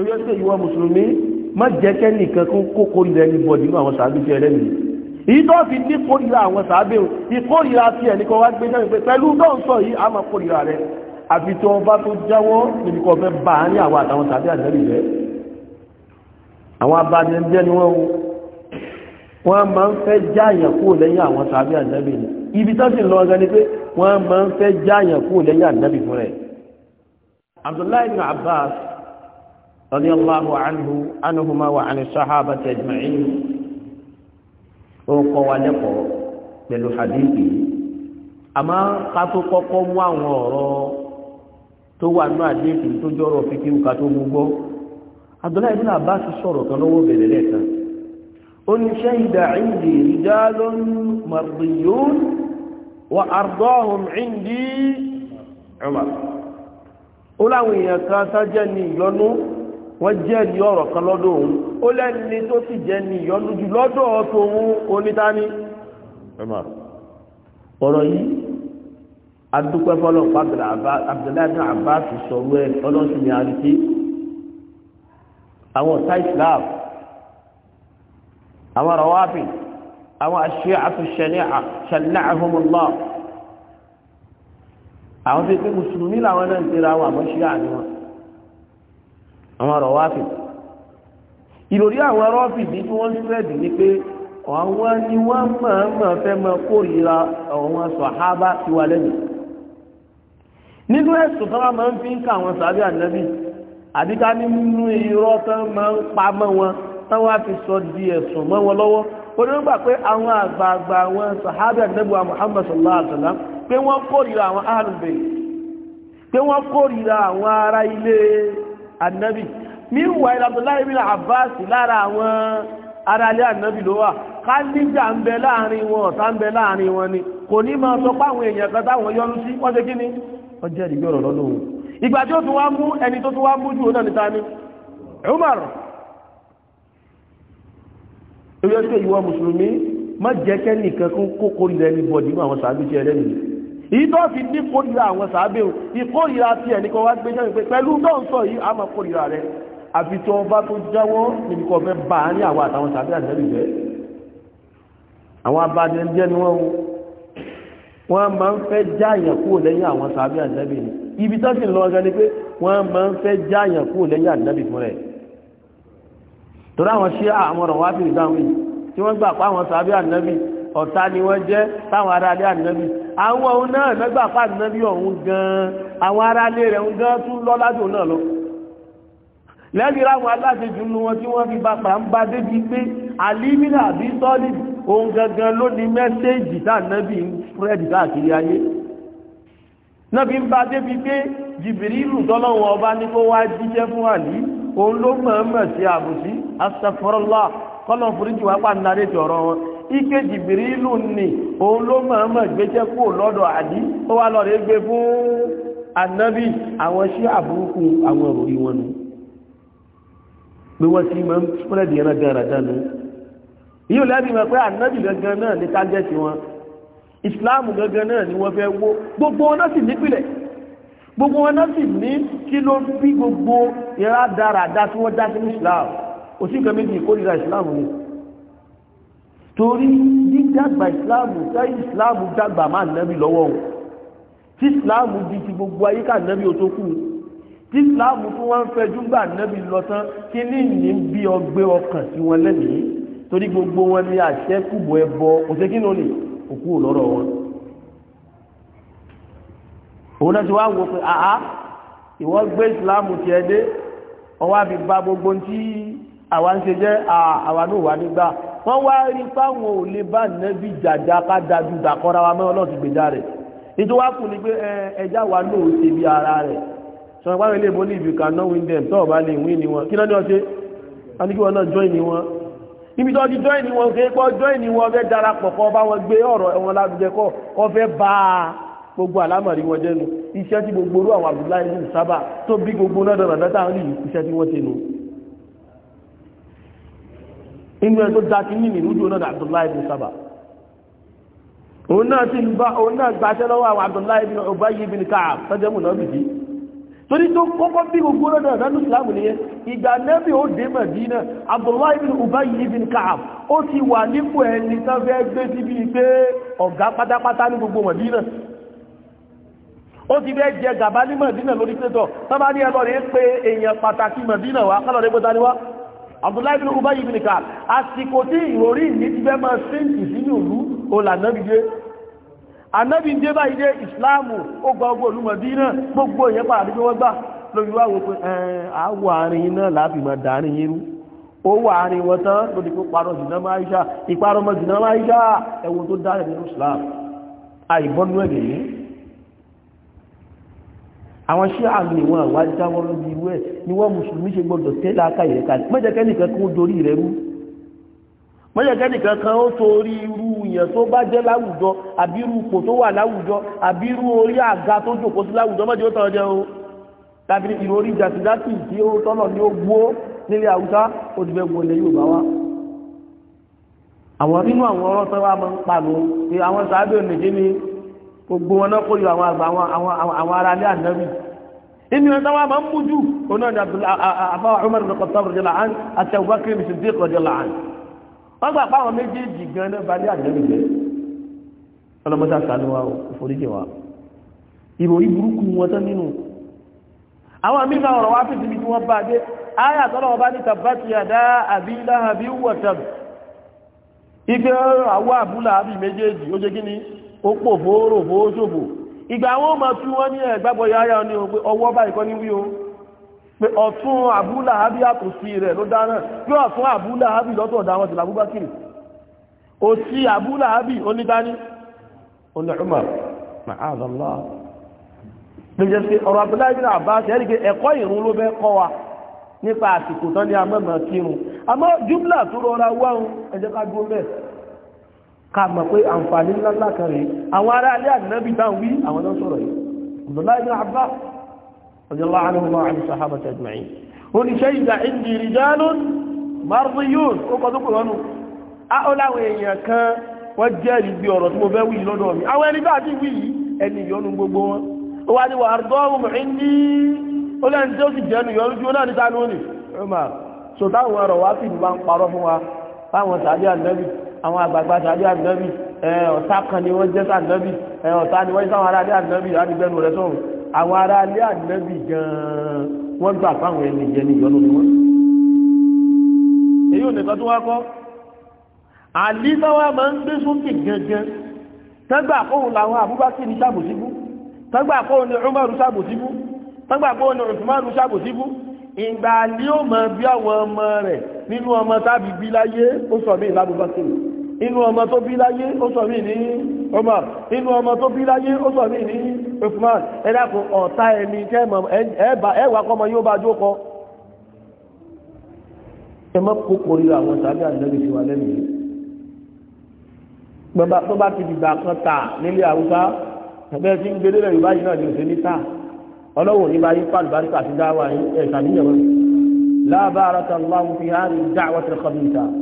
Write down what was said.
oyọ́ sí ìwọ mùsùlùmí má jẹ́ kẹ́nìkan kún kókó ilẹ̀ ní bọ̀dì ní àwọn sàábí jẹ́ ẹlẹ́mìí èyí tó fi ní kórìíra àwọn sàábé o ìkórìíra tí ẹnìkan wá gbé jáde pé pẹ̀lú náà sọ yìí a máa kórìíra rẹ àfi tí wọn bá tó jáwọ́ níbi kan fẹ́ bá a ní àwọn àtàwọn sàábé àjẹbí rẹ àwọn abanijẹ́ ni wọ́n wọ́n máa ń fẹ́ jáàyàn kúrò lẹ́yìn àwọn sàábé àjẹbí rẹ ibi tó sì lọ ọgá ni pé wọ́n máa ń fẹ́ jáàyàn kúrò lẹ́yìn àjẹbí fún rẹ Abdullahi bin Abbas رضي الله عنه عنهما وعن الصحابة أجمعين وقوى لقوا pẹ̀lú hadithi àmọ́ ká tó kọ́kọ́ mú àwọn ọ̀rọ̀ tó wà ní àdéhùn tó jọrọ̀ fíkíwù ká tó mú gbọ́ Abdullahi ibn Abbas sọ̀rọ̀ kan lọ́wọ́ bẹ̀rẹ̀ lẹ́ẹ̀kan ó ní shahida indi rijalun mardiyun wa ardahum indi Umar ó èèyàn kan sájẹ́ ní ìyọnú wọ́n jẹ́ ní ọ̀rọ̀ kan lọ́dọ̀ òun ó lẹ́ni tó sì jẹ́ ní ìyọnu jù lọ́dọ̀ ọ̀tọ̀ òun onítání ọ̀rọ̀ yìí adúpẹ́ fọlọ́pàá Abdullahi bin Abbas sọ̀rọ̀ ẹ̀ ọlọ́sìn ní àríkí àwọn ọ̀tá Islam àwọn rọwábì àwọn aṣíàtú ṣẹlẹ̀ àwọn tí pé mùsùlùmí làwọn náà ń tẹ́ra àwọn àmọ́ ni wọn àwọn rọ̀wáfì ìròrí àwọn rọ́fì ní tí wọ́n sẹ́ẹ̀dì ní pé àwọn ni wọ́n máa máa fẹ́ máa kórìíra àwọn sàhábà tí wà lẹ́yìn nínú ẹ̀sùn tó ka àwọn sàbí àbíká nínú tó máa ń pa mọ́ wọn táwọn fi sọ di ẹ̀sùn mọ́ wọn lọ́wọ́ pé àwọn àgbààgbà àwọn pé wọ́n kórìíra àwọn annabi meanwhile abdullahi ibn abbas lára àwọn aráalé annabi ló wà ká nígbà ń bẹ láàrin wọn ọ̀tá ń bẹ láàrin wọn ni kò ní máa sọ pé àwọn èèyàn kan táwọn yọnu sí wọ́n ṣe kí ni wọ́n jẹ́ ìgbé ọ̀rọ̀ lọ́dún òun ìgbà tí ó tún wá mú ẹni tó tún wá mú jù náà níta ni Umar ó yẹ kí ìwọ mùsùlùmí má jẹ́ kẹ́nìkan kó kórìíra ẹni bọ̀dì mú àwọn sàbíjẹ́ ìdọ́ fi ní kórìíra àwọn sàábẹ̀ o ìkórìíra tí ẹnìkan wá gbé jẹ́ pé pẹ̀lú tó ń sọ yìí a máa kórìíra rẹ̀ àfi tó ọba tó jáwọ́ níbi fẹ́ bá ní àwọn àtàwọn sàábẹ̀ àjẹ́rì rẹ̀ àwọn abadẹ́jẹ́ ni wọ́n wọ́n máa ń fẹ́ jáàyàn kúrò lẹ́yìn àwọn sàábẹ̀ àjẹ́rì ni ibi tó sì lọ ọjọ́ ni pé wọ́n máa ń fẹ́ jáàyàn kúrò lẹ́yìn àjẹ́rì fún rẹ̀ torí àwọn ṣé àwọn ọ̀rọ̀ wá fi ìdáhùn yìí tí wọ́n gbà pa àwọn sàábẹ̀ àjẹ́rì ọ̀tá ni wọ́n jẹ́ táwọn aráalé àjẹ́rì àwọn òun náà mẹ́gbà pàdé náà bí òun gan àwọn ará lé rẹ̀ òun gan tún lọ ládùn náà lọ lẹ́yìn ráwọn aláṣejù nu wọn tí wọ́n fi bá pa ń bá débi pé alimina àbí sọ́ọ̀lì òun gangan ló ní mẹ́sẹ́ẹ̀jì tá nábì ń fúrẹ́dì káàkiri ayé náà fi ń bá débi pé jìbìrìlù tọ́lọ́wọ́ ọba ní kó wá jíjẹ́ fún àlí òun ló mọ̀ọ́mọ̀ sí àbùsí asàfọ́rọ́lá kọ́lọ̀ foríjì ike jìbìrìlù ni òun ló mọ̀ọ́mọ̀ gbéṣẹ́ kó lọ́dọ̀ àdí ó wá lọ́rẹ̀ gbé fún anábì àwọn sí àbúrúkú àwọn òrí wọn nù pé wọ́n ti máa ń spread ẹran dáradára nù yíò lẹ́bi mọ̀ pé anábì ni wọ́n fẹ́ wó gbogbo wọn náà sì nípìlẹ̀ gbogbo wọn náà ní kí ló bí gbogbo ìran dáradára tí wọ́n dá sí ìsìláàmù òsì nǹkan méjì ìkórìíra ìsìláàmù ni torí dídàgbà ìsìláàmù táyì ìsìláàmù dàgbà máa nẹ́bí lọ́wọ́ o tí ìsìláàmù di ti gbogbo ayé ká nẹ́bí o tó kù tí ìsìláàmù tó wá ń fẹjú gbà nẹ́bí lọ tán kí ní ní bí ọgbé ọkàn sí wọn lẹ́nìí torí gbogbo wọn ní àṣẹ kùbọ̀ ẹbọ òṣè kí lónìí òkú lọ́rọ̀ wọn. òun náà ti wá wò pé àá ìwọ gbé ìsìláàmù tiẹ̀ dé ọwọ́ àfi ba gbogbo ti àwa ń ṣe jẹ́ àwa náà wà nígbà wọ́n wá rí fáwọn ò bá nẹ́bí jàjà ká dájú dàkọ́ra wa mọ́ ọlọ́ọ̀tì gbèjà rẹ̀ nítorí wá kù ní pé ẹja wa lóò ṣe bí ara rẹ̀ sọ wọn wáyé lè mọ́ ní ìbìkà náà wí dẹ̀ tọ́ ọ̀bá lè wí ni wọn kí náà ní ọṣẹ́ a ní kí wọn náà join ni wọn níbi tó ti join ni wọn kì í join ni wọn fẹ́ darapọ̀ kọ́ bá wọn gbé ọ̀rọ̀ ẹ̀wọ̀n lárugẹ kọ́ kọ́ fẹ́ bá gbogbo àlámọ̀rí wọn jẹ́nu iṣẹ́ tí gbogbo orú àwọn Abdullahi sábà tó bí gbogbo náà dọ̀rọ̀ dátà ń rí iṣẹ́ tí wọ́n ti nù inú ẹ tó da kí ní ìlú jù náà Abdullahi bin Saba òun náà ti ń bá òun náà gbàṣẹ lọ́wọ́ àwọn Abdullahi bin Ubayy bin Ka'ab sọ́jọ́ mù náà bìbí torí tó kọ́kọ́ bí gbogbo náà náà nánú Islam nìyẹn ìgbà nẹ́bí ó dé Madina Abdullahi bin Ubayy bin Ka'ab ó ti wà nípò ẹni tán fẹ́ gbé síbi pé ọ̀gá pátápátá ní gbogbo Madina ó ti bẹ́ jẹ gàbá ní Madina lórí pẹ́tọ̀ tọ́bá abdullahi bin ubayi bin ka àsìkò tí ìròrí ní ti fẹ́ máa sínkì sínú ìlú olànàbídé anábídé báyìí dé ìsìláàmù ó gba ọgbọ̀ olúmọ̀dínà gbogbo ìyẹn pàdé bí wọ́n gbà lórí wá wo pé àwọ̀ àárín iná láàbì máa dàárín irú ó wà àárín wọn tán lórí pé parọ́ jìnà máa iṣá ìparọ́mọ jìnà máa iṣá ẹ̀wọ̀n tó dáre ní islam àìbọ́nú ẹ̀gẹ̀ yìí àwọn ṣé àmì ìwọ̀n àwá jáwọ́ lórí ìwé ẹ̀ ni wọ́n mùsùlùmí ṣe gbọ́dọ̀ tẹ́lẹ̀ aka ìrẹ́ kalẹ̀ mọ́jẹ̀kẹ́ nìkan kan ó dorí rẹ̀ rú mọ́jẹ̀kẹ́ nìkan kan ó torí irú ìyẹn tó bá jẹ́ láwùjọ àbí irú ipò tó wà láwùjọ àbí irú orí àga tó jòkó sí láwùjọ mọ́jẹ̀ ó tàn jẹ́ o tàbí irú orí jàsídátì tí ó tọ́nà ní ó gbó nílé haúsá ó ti fẹ́ wọlé yóò bá wá àwọn nínú àwọn ọ̀rọ̀ tó máa ń pa lò àwọn sàábẹ̀ òmìnir gbogbo wọn náà kó yọ àwọn àgbà àwọn ará alẹ́ ànábì inú ẹ̀ta wà máa ń mú jù ọ̀nà ni àbáwà Umar ibn Khattab radiyallahu anhu àti Abubakar Siddiq radiyallahu anhu wọ́n gbà pàwọn méjèèjì gan náà balẹ̀ ànábì jẹ́ ọlọ́mọdé àṣàlù wa òforíjì wa ìròyìn burúkú wọn tán nínú àwọn àmìnà ọ̀rọ̀ wá fi síbi tí wọ́n bá dé ayà tọ́lọ̀ ọba ní tàbátì àdá àbí ó pò bóró bó ṣòbò ìgbà àwọn ọmọ tí wọ́n ní ẹ̀gbàgbọ́ ni o pé ọwọ́ báyìí kọ́ ní wí o pé ọ̀tún àbúlà ábí àtòsí rẹ̀ ló dáná yóò ọ̀tún àbúlà ábí lọ́tọ̀ ọ̀dà àwọn tìlà búbákìrì òsì àbúlà ábí onídání oní ọmọ ká mọ̀ pé àǹfààní ńláńlá kan rèé àwọn ará ilé ànábì táwọn wí àwọn náà sọ̀rọ̀ yìí abdullahi bin abbas radiyallahu anhuma wa an sahabati ajma'in ó ní shayda indi rijalun mardiyun ó kọ́ tó pè wọ́n nù á ó láwọn èèyàn kan wọ́n jẹ́rìí bí ọ̀rọ̀ tí mo fẹ́ wí yìí ó ní wà á dọ́ ọmọ ẹni ó lẹ́ni tí àwọn àgbààgbà sàájú ànábì ọ̀tá kan ni wọ́n jẹ́ sànábì ọ̀tá ni wọ́n jẹ́ sáwọn aráalé ànábì láti gbẹnu rẹ̀ sọ̀rọ̀ àwọn aráalé ànábì gan-an wọ́n gbà fáwọn ẹni yẹn ní ìyọnu ni wọ́n. èyí ò nìkan tó wá kọ́ àlí táwa máa ń gbé sókè gangan tẹ́gbà kóhùn làwọn Abubakar ní sàbòsíbú tẹ́gbà kóhùn ní Umaru sàbòsíbú tẹ́gbà kóhùn ní Usmanu sàbòsíbú ìgbà àlí ò mọ bí àwọn ọmọ rẹ̀ nínú ọmọ tábìbí láyé ó sọ bí ìlàbùbákẹ́rì inú ọmọ tó bí láyé ó sọ mí ní Omar inú ọmọ tó bí láyé ó sọ mí ní Uthman ẹ̀dàkùn ọ̀tá ẹni tẹ́mọ̀ ẹwà kọmọ yóò bá jókọ ẹmọ́ kókò ríra àwọn tàbí àdínlẹ́bí ti wà lẹ́nu yìí bàbá tó bá ti ní òṣèlú tà ọlọ́wọ́